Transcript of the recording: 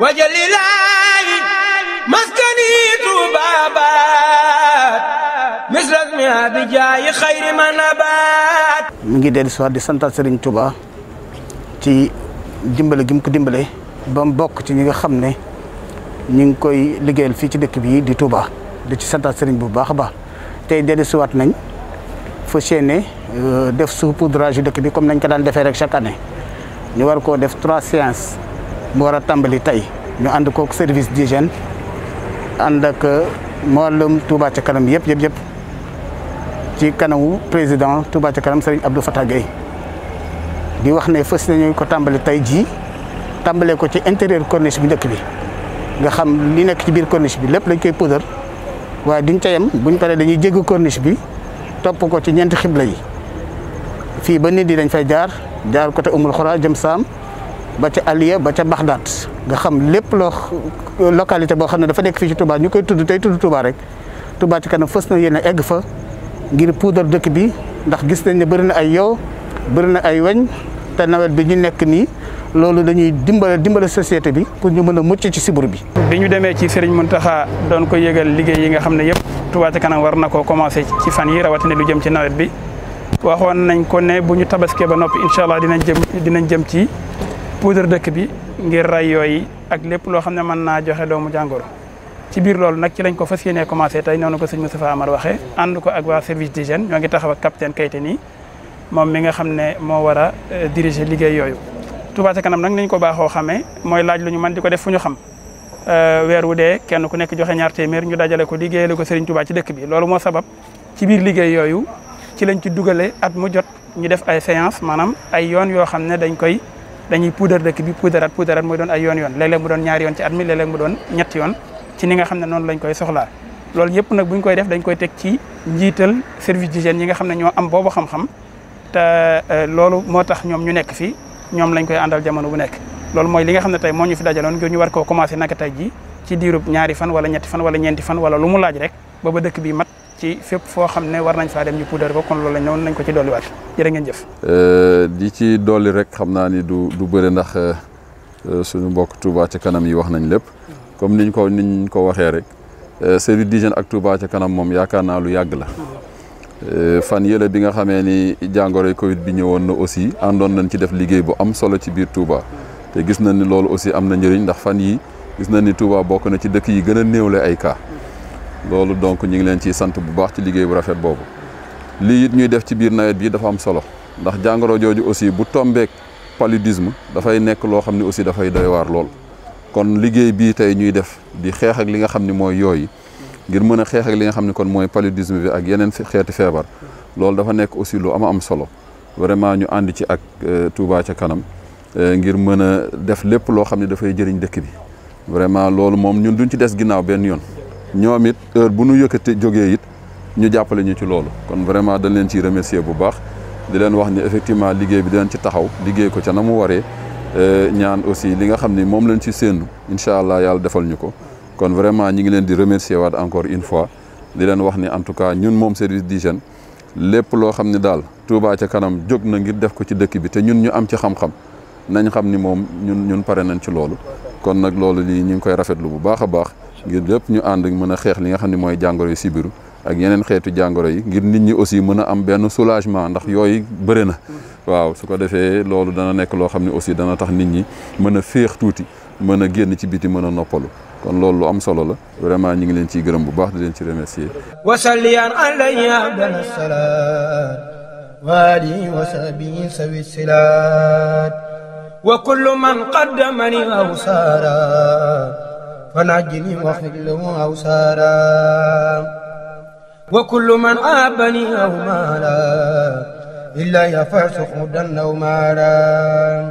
wajalilaayi maskani tuubaabaat misras mi abijaayi xayri ma nabaat mi ngi dellu si di santaat Serigne Touba ci dimbale gi ko dimbale ba bokk ci ñu nga xam ne ñu ngi koy liggéeyal fii ci dëkk bii di Touba di ci santaat Serigne bu baax a baax tey dellu si waat nañ fa séene euh, def saupoudrage yu dëkk bi comme nañ ko daan defee rek chaque année ñu war koo def trois séances bu war a tàmbali tey ñu ànd kook service d'hygiène ànd ak euh, mboolem Touba ca kanam yëpp yëpp yëpp ci kanamu président Touba ca kanam Serigne Abdou Fatah Gueye di wax ne fës nañu ko tàmbali tey jii tàmbalee ko ci intérieur corniche bi njëkk bi nga xam li nekk ci biir corniche bi lépp lañ koy poudre waaye duñ ca yem buñ paree dañuy jéggi corniche bi topp ko ci ñeenti xibla yi fii ba nit yi dañ fay jaar jaar côté Umul Xura jëm Saam. ba ca Aliya ba ca Baxdaat nga xam lépp loo localité boo xam ne dafa nekk fii ci Touba ñu koy tudd tey tudd Touba rek Touba ci kanam fës na yéen a egg fa ngir puudar dëkk bi ndax gis nañ ne bëri na ay yow bëri na ay weñ te nawet bi ñu nekk nii loolu dañuy dimbale dimbale société bi pour ñu mën a ci sibur bi. bi ñu demee ci Serigne Mountakha doon ko yëgal liggéey yi nga xam ne yëpp Touba ci kanam war na koo commencé ci fan yi rawatina lu jëm ci nawet bi waxoon nañ ko ne bu ñu tabaskee ba noppi incha allah dinañ jëm ci poudre dëkk bi ngir ray yooyu ak lépp loo xam ne mën naa joxe doomu jàngoro ci biir loolu nag ci lañ ko fas yéenee commencé tey noonu ko sëñ Moustapha Amar waxee ànd ko ak waa service d'hygiène ñoo ngi taxaw ak capitaine Kayte nii moom mi nga xam ne moo war a euh, diriger liggéey yooyu. Touba ca kanam nag nañ ko baaxoo xamee mooy laaj lu ñu mën di ko def fu ñu xam euh, weer wu dee kenn ku nekk joxe ñaar téeméer ñu dajale ko liggéeyale ko Serigne Touba ci dëkk bi loolu moo sabab ci biir liggéey yooyu ci lañ ci dugale at mu jot ñu def ay séance maanaam ay yoon yoo xam ne dañ koy dañuy puudar dëkk bi puudaraat puudaraat mooy doon a yoon yoon léeg-léeg mu doon ñaari yoon ci at mi léeg mu doon ñetti yoon ci ni xam ne noonu lañ koy soxlaa lool yëpp nag buñ koy def dañ koy teg ci njiital service d'hygiène ñi nga xam ne ñoo am boobu xam-xam te euh, loolu moo tax ñoom ñu nekk fi ñoom lañ koy àndal jamono bu nekk loolu mooy li nga xam ne tey moo ñu fi dajaloon ngir ñu war koo commencé naka tey ji ci diirub ñaari fan wala ñetti fan wala ñeenti fan wala lu mu laaj rek ba ba bi mat ci fépp foo xam ne war nañ faa dem ñu puudar ko kon loolu la noonu nañ ko ci dolliwaat jërë ngeen jëf. Euh, di ci dolli rek xam naa ni du du bëri ndax euh, euh, suñu mbokk Touba ca kanam yi wax nañ lépp comme niñ ko niñ ko waxee rek service d'hygiène ak Touba ca kanam moom yaakaar naa lu yàgg la. fan yële bi nga xamee ni jàngoroy Covid bi ñëwoon na aussi àndoon nañ ci def liggéey bu am solo ci biir Touba te gis nañ ni loolu aussi am na njëriñ ndax fan yi gis na ni Touba bokk na ci dëkk yi gën a néewle ay cas. loolu donc ñu ngi leen ciy sant bu baax ci liggéey bu rafet boobu lii it ñuy def ci biir nawet bi dafa am solo ndax jàngoro jooju aussi bu tombeek paludisme dafay nekk loo xam ne aussi dafay doy waar lool kon liggéey bii tey ñuy def di xeex li nga xam ni mooy yooyu ngir mën a xeex li nga xam ne kon mooy paludisme bi ak yeneen xeeti feebar loolu dafa nekk aussi lu ama am solo vraiment ñu ànd ci ak euh, Touba ca kanam euh, ngir mën a def lépp loo xam ne dafay jëriñ dëkk bi vraiment loolu moom ñun duñ ci des ginnaaw benn yoon ñoom it heure bu nu yëkkati jógee it ñu jàppale ñu ci loolu kon vraiment dañ leen ci remercier bu baax di leen wax ni effectivement liggéey bi dinañ ci taxaw liggéey ko ca na mu waree euh, ñaan aussi li nga xam ni moom lañ ci séendu incha allah yàlla defal ñu ko kon vraiment ñi ngi leen di remercier waat encore une fois di leen wax ni en tout cas ñun moom service d'hygiène lépp loo xam ni daal Touba ca kanam jóg na ngir def ko ci dëkk bi te ñun ñu am ci xam nañ xam ni moom ñun ñun pare nañ ci loolu kon nag loolu lii ñu ngi koy rafetlu bu baax a baax ngir lépp ñu ànd mën a xeex li nga xam ne mooy jàngoro yu sibiru ak yeneen xeetu jàngoro yi ngir nit ñi aussi mën a am benn soulagement ndax yooyu bëri na waaw su ko defee loolu dana nekk loo xam ne aussi dana tax nit ñi mën a féex tuuti mën a génn ci biti mën a noppalu kon loolu lu am solo la vraiment ñu ngi leen ciy gërëm bu baax di leen ci remercier wasallian alaya bana salat waali wa sahbi sawi silat wa kullu man qaddamani aw sara ونجني واخفض له أوسارا وكل من عابني أو مالا إلا يفعل سخودا أو مالا